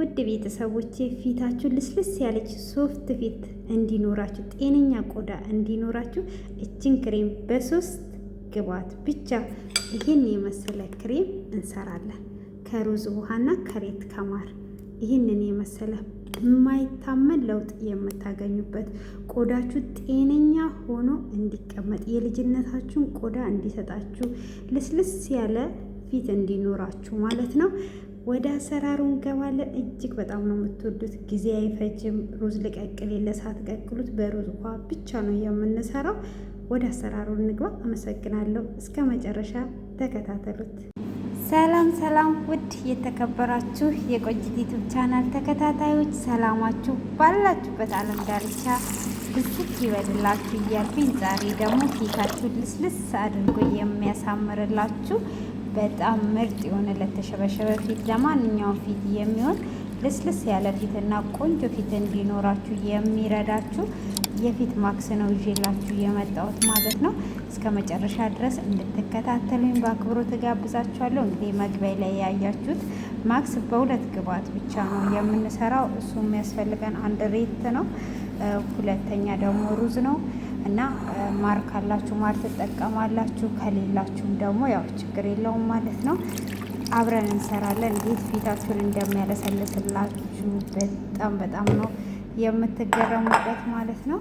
ውድ ቤተሰቦቼ ፊታችሁ ልስልስ ያለች ሶፍት ፊት እንዲኖራችሁ ጤነኛ ቆዳ እንዲኖራችሁ እችን ክሬም በሶስት ግብዓት ብቻ ይህን የመሰለ ክሬም እንሰራለን። ከሩዝ ውሃና ከሬት ከማር ይህንን የመሰለ የማይታመን ለውጥ የምታገኙበት ቆዳችሁ ጤነኛ ሆኖ እንዲቀመጥ የልጅነታችሁን ቆዳ እንዲሰጣችሁ ልስልስ ያለ ፊት እንዲኖራችሁ ማለት ነው። ወደ አሰራሩ እንገባለን። እጅግ በጣም ነው የምትወዱት። ጊዜ አይፈጅም። ሩዝ ልቀቅል የለ ሳትቀቅሉት በሩዝ ውሃ ብቻ ነው የምንሰራው። ወደ አሰራሩ እንግባ። አመሰግናለሁ። እስከ መጨረሻ ተከታተሉት። ሰላም ሰላም! ውድ የተከበራችሁ የቆንጅት ዩቱብ ቻናል ተከታታዮች ሰላማችሁ ባላችሁበት ዓለም ዳርቻ ብዝት ይበልላችሁ እያልኩኝ ዛሬ ደግሞ ፊታችሁ ልስልስ አድርጎ የሚያሳምርላችሁ በጣም ምርጥ የሆነ ለተሸበሸበ ፊት ለማንኛውም ፊት የሚሆን ልስልስ ያለ ፊትና ቆንጆ ፊት እንዲኖራችሁ የሚረዳችሁ የፊት ማክስ ነው ይዤላችሁ የመጣሁት ማለት ነው። እስከ መጨረሻ ድረስ እንድትከታተሉኝ በአክብሮት ትጋብዛችኋለሁ እንግዲህ መግቢያ ላይ ያያችሁት ማክስ በሁለት ግብዓት ብቻ ነው የምንሰራው። እሱ የሚያስፈልገን አንድ ሬት ነው፣ ሁለተኛ ደግሞ ሩዝ ነው። እና ማር ካላችሁ ማር ትጠቀማላችሁ፣ ከሌላችሁም ደግሞ ያው ችግር የለውም ማለት ነው። አብረን እንሰራለን። እንዴት ፊታችሁን እንደሚያለሰልስላችሁ በጣም በጣም ነው የምትገረሙበት ማለት ነው።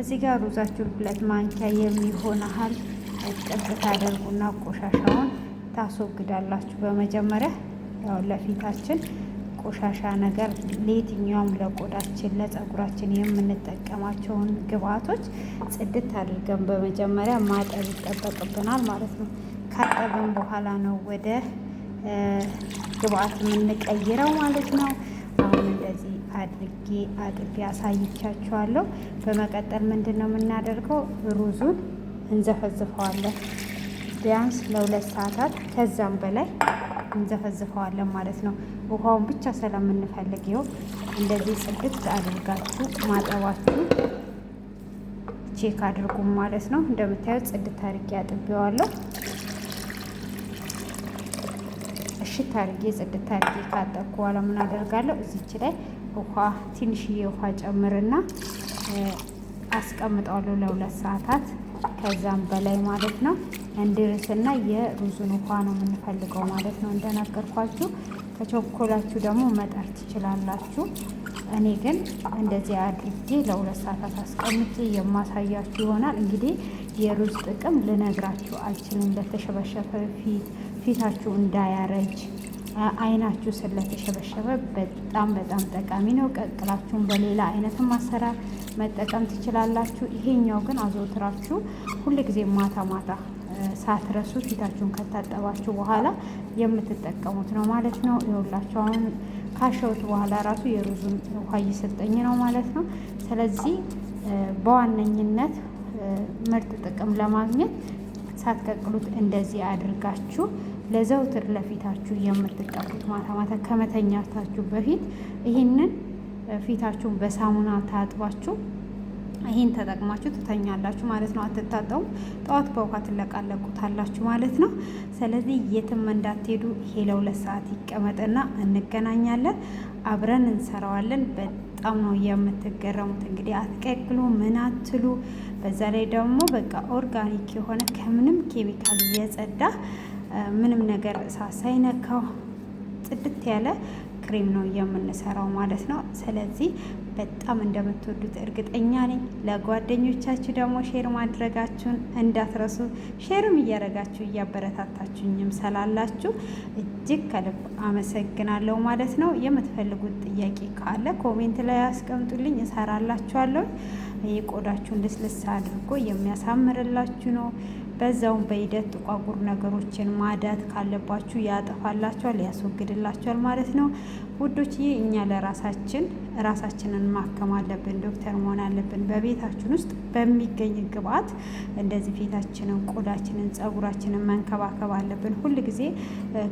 እዚህ ጋር ሩዛችሁን ሁለት ማንኪያ የሚሆን ያህል ቅጽት ታደርጉና ቆሻሻውን ታስወግዳላችሁ። በመጀመሪያ ያው ለፊታችን ቆሻሻ ነገር ለየትኛውም ለቆዳችን ለፀጉራችን የምንጠቀማቸውን ግብአቶች ጽድት አድርገን በመጀመሪያ ማጠብ ይጠበቅብናል ማለት ነው። ካጠብን በኋላ ነው ወደ ግብአት የምንቀይረው ማለት ነው። አሁን እንደዚህ አድርጌ አጥቤ አሳይቻችኋለሁ። በመቀጠል ምንድን ነው የምናደርገው? ሩዙን እንዘፈዝፈዋለን ቢያንስ ለሁለት ሰዓታት ከዛም በላይ እንዘፈዝፈዋለን ማለት ነው። ውሃውን ብቻ ስለምንፈልግ ይኸው እንደዚህ ጽድት አድርጋችሁ ማጠባችሁ ቼክ አድርጉ ማለት ነው። እንደምታዩት ጽድት አድርጌ አጥቤዋለሁ። እሽት አድርጌ ጽድት አድርጌ ካጠብኩ በኋላ ምን አደርጋለሁ? እዚች ላይ ውሃ ትንሽዬ ውሃ ጨምርና አስቀምጠዋለሁ ለሁለት ሰዓታት ከዛም በላይ ማለት ነው እንድርስና የሩዙን ውሃ ነው የምንፈልገው ማለት ነው እንደነገርኳችሁ ከቸኮላችሁ ደግሞ መጠር ትችላላችሁ። እኔ ግን እንደዚህ አድርጌ ለሁለት ሰዓታት አስቀምጬ የማሳያችሁ ይሆናል። እንግዲህ የሩዝ ጥቅም ልነግራችሁ አልችልም። ለተሸበሸበ ፊታችሁ እንዳያረጅ አይናችሁ ስለተሸበሸበ በጣም በጣም ጠቃሚ ነው። ቀቅላችሁን በሌላ አይነትም አሰራር መጠቀም ትችላላችሁ። ይሄኛው ግን አዘውትራችሁ ሁልጊዜ ማታ ማታ ሳትረሱ ፊታችሁን ከታጠባችሁ በኋላ የምትጠቀሙት ነው ማለት ነው። ይኸውላችሁ አሁን ካሸሁት በኋላ ራሱ የሩዙን ውሃ እየሰጠኝ ነው ማለት ነው። ስለዚህ በዋነኝነት ምርጥ ጥቅም ለማግኘት ሳትቀቅሉት እንደዚህ አድርጋችሁ ለዘውትር ለፊታችሁ የምትቀቡት ማታ ማታ ከመተኛታችሁ በፊት ይህንን ፊታችሁን በሳሙና ታጥባችሁ ይህን ተጠቅማችሁ ትተኛላችሁ ማለት ነው። አትታጠቡ። ጠዋት በውሃ ትለቃለቁታላችሁ ማለት ነው። ስለዚህ የትም እንዳትሄዱ። ይሄ ለሁለት ሰዓት ይቀመጥና እንገናኛለን። አብረን እንሰራዋለን። በጣም ነው የምትገረሙት። እንግዲህ አትቀቅሉ፣ ምን አትሉ። በዛ ላይ ደግሞ በቃ ኦርጋኒክ የሆነ ከምንም ኬሚካል የጸዳ ምንም ነገር ሳይነካው ጽድት ያለ ክሬም ነው የምንሰራው ማለት ነው። ስለዚህ በጣም እንደምትወዱት እርግጠኛ ነኝ። ለጓደኞቻችሁ ደግሞ ሼር ማድረጋችሁን እንዳትረሱ። ሼርም እያረጋችሁ እያበረታታችሁኝም ስላላችሁ እጅግ ከልብ አመሰግናለሁ ማለት ነው። የምትፈልጉት ጥያቄ ካለ ኮሜንት ላይ ያስቀምጡልኝ፣ እሰራላችኋለሁ። የቆዳችሁን ልስልስ አድርጎ የሚያሳምርላችሁ ነው። በዛውም በሂደት ጥቋቁር ነገሮችን ማዳት ካለባችሁ ያጠፋላችኋል፣ ያስወግድላችኋል ማለት ነው። ውዶችዬ እኛ ለራሳችን ራሳችንን ማከም አለብን፣ ዶክተር መሆን አለብን። በቤታችን ውስጥ በሚገኝ ግብአት እንደዚህ ፊታችንን፣ ቆዳችንን፣ ጸጉራችንን መንከባከብ አለብን። ሁል ጊዜ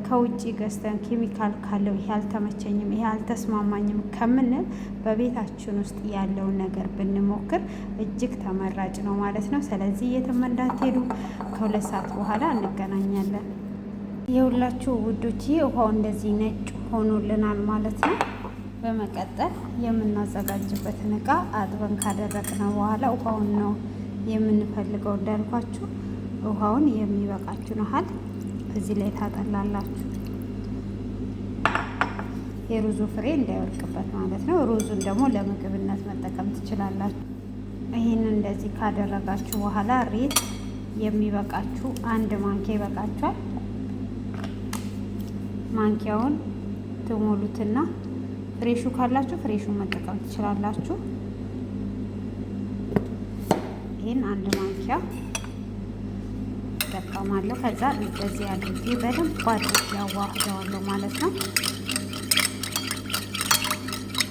ከውጭ ገዝተን ኬሚካል ካለው ይሄ አልተመቸኝም፣ ይሄ አልተስማማኝም ከምንል በቤታችን ውስጥ ያለውን ነገር ብንሞክር እጅግ ተመራጭ ነው ማለት ነው። ስለዚህ የትም እንዳትሄዱ፣ ከሁለት ሰዓት በኋላ እንገናኛለን። የሁላችሁ ውዶች ውሃው እንደዚህ ነጭ ሆኖልናል ማለት ነው። በመቀጠል የምናዘጋጅበትን እቃ አጥበን ነው በኋላ ውሃውን ነው የምንፈልገው። እንዳልኳችሁ ውሃውን የሚበቃችሁ ናሀል እዚህ ላይ ታጠላላችሁ። የሩዙ ፍሬ እንዳይወልቅበት ማለት ነው። ሩዙን ደግሞ ለምግብነት መጠቀም ትችላላችሁ። ይህን እንደዚህ ካደረጋችሁ በኋላ ሬት የሚበቃችሁ አንድ ማንኪያ ይበቃችኋል። ማንኪያውን ትሞሉትና ፍሬሹ ካላችሁ ፍሬሹን መጠቀም ትችላላችሁ። ይህን አንድ ማንኪያ እጠቀማለሁ። ከዛ እንደዚህ አድርጌ በደንብ አድርጌ ያዋህደዋለሁ ማለት ነው።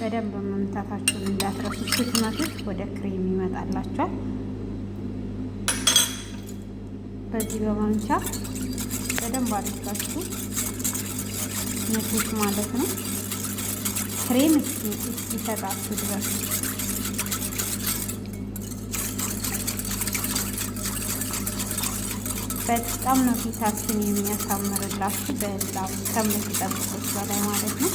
በደንብ መምታታችሁን እንዳትረሱ። ስትመቱት ወደ ክሬም ይመጣላችኋል። በዚህ በማንኪያ በደንብ አድርጋችሁ ምግብ ማለት ነው። ክሬም እስኪሰጣችሁ ድረስ በጣም ነው ፊታችን የሚያሳምርላችሁ በጣም ከምትጠብቁት በላይ ማለት ነው።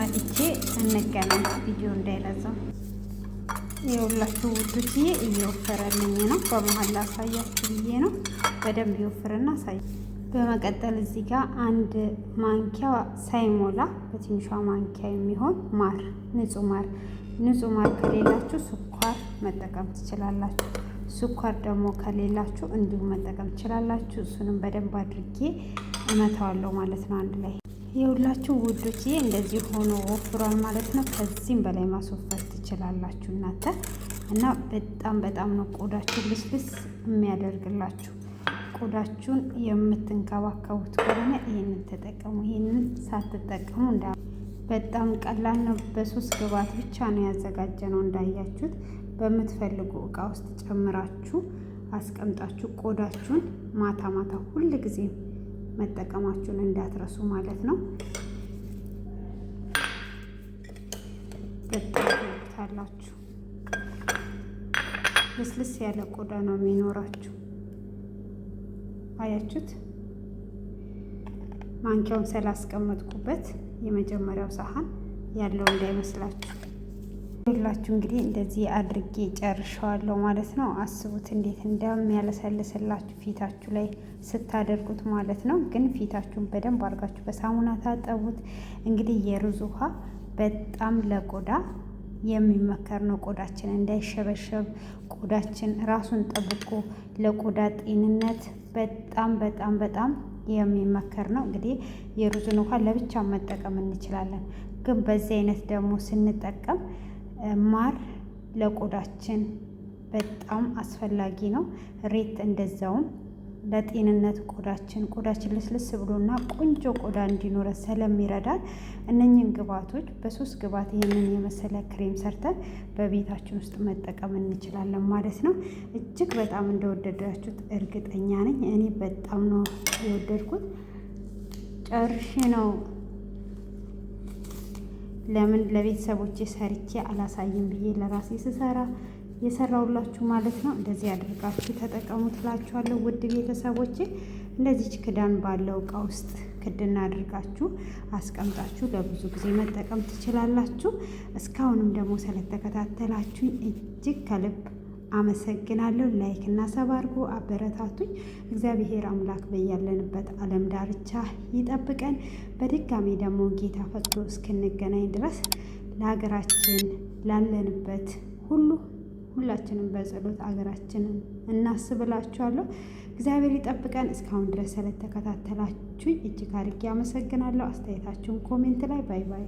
መጥቼ እንገናኝ። ቪዲዮ እንዳይረዘም የሁላችሁ ውዶችዬ እየወፈረልኝ ነው። በመሀል ላሳያችሁ ብዬ ነው። በደንብ ይወፍርና ሳይ በመቀጠል እዚህ ጋር አንድ ማንኪያ ሳይሞላ በትንሿ ማንኪያ የሚሆን ማር፣ ንጹህ ማር። ንጹህ ማር ከሌላችሁ ስኳር መጠቀም ትችላላችሁ። ስኳር ደግሞ ከሌላችሁ እንዲሁ መጠቀም ትችላላችሁ። እሱንም በደንብ አድርጌ እመታዋለሁ ማለት ነው አንድ ላይ የሁላችሁ ውዶችዬ እንደዚህ ሆኖ ወፍሯል ማለት ነው። ከዚህም በላይ ማስወፈር ትችላላችሁ እናንተ እና በጣም በጣም ነው ቆዳችሁ ልስልስ የሚያደርግላችሁ። ቆዳችሁን የምትንከባከቡት ከሆነ ይህንን ተጠቀሙ። ይህንን ሳትጠቀሙ እንዳ በጣም ቀላል ነው። በሶስት ግብዓት ብቻ ነው ያዘጋጀ ነው እንዳያችሁት። በምትፈልጉ እቃ ውስጥ ጨምራችሁ አስቀምጣችሁ ቆዳችሁን ማታ ማታ ሁል ጊዜ መጠቀማችሁን እንዳትረሱ ማለት ነው። ታዩታላችሁ። ልስልስ ያለ ቆዳ ነው የሚኖራችሁ። አያችሁት? ማንኪያውን ስላስቀመጥኩበት የመጀመሪያው ሳህን ያለው እንዳይመስላችሁ። ሁላችሁ እንግዲህ እንደዚህ አድርጌ ጨርሸዋለሁ ማለት ነው። አስቡት እንዴት እንደሚያለሰልስላችሁ ፊታችሁ ላይ ስታደርጉት ማለት ነው። ግን ፊታችሁን በደንብ አድርጋችሁ በሳሙና ታጠቡት። እንግዲህ የሩዝ ውሃ በጣም ለቆዳ የሚመከር ነው። ቆዳችን እንዳይሸበሸብ ቆዳችን ራሱን ጠብቆ ለቆዳ ጤንነት በጣም በጣም በጣም የሚመከር ነው። እንግዲህ የሩዝን ውሃ ለብቻ መጠቀም እንችላለን፣ ግን በዚህ አይነት ደግሞ ስንጠቀም ማር ለቆዳችን በጣም አስፈላጊ ነው። ሬት እንደዛውም ለጤንነት ቆዳችን ቆዳችን ልስልስ ብሎና ቆንጆ ቆዳ እንዲኖረ ስለሚረዳን እነኝን ግብዓቶች በሶስት ግብዓት ይህንን የመሰለ ክሬም ሰርተን በቤታችን ውስጥ መጠቀም እንችላለን ማለት ነው። እጅግ በጣም እንደወደዳችሁት እርግጠኛ ነኝ። እኔ በጣም ነው የወደድኩት። ጨርሼ ነው ለምን ለቤተሰቦቼ ሰርቼ አላሳይም ብዬ ለራሴ ስሰራ የሰራውላችሁ ማለት ነው። እንደዚህ አድርጋችሁ ተጠቀሙት እላችኋለሁ ውድ ቤተሰቦች እንደዚች ክዳን ባለው እቃ ውስጥ ክድና አድርጋችሁ አስቀምጣችሁ ለብዙ ጊዜ መጠቀም ትችላላችሁ። እስካሁንም ደግሞ ስለተከታተላችሁኝ እጅግ ከልብ አመሰግናለሁ። ላይክ እና ሰብ አድርጎ አበረታቱኝ። እግዚአብሔር አምላክ በያለንበት ዓለም ዳርቻ ይጠብቀን። በድጋሚ ደግሞ ጌታ ፈቅዶ እስክንገናኝ ድረስ ለሀገራችን ላለንበት ሁሉ ሁላችንም በጸሎት አገራችንን እናስብላችኋለሁ። እግዚአብሔር ይጠብቀን። እስካሁን ድረስ ስለተከታተላችሁኝ እጅግ አድርጌ አመሰግናለሁ። አስተያየታችሁን ኮሜንት ላይ ባይ ባይ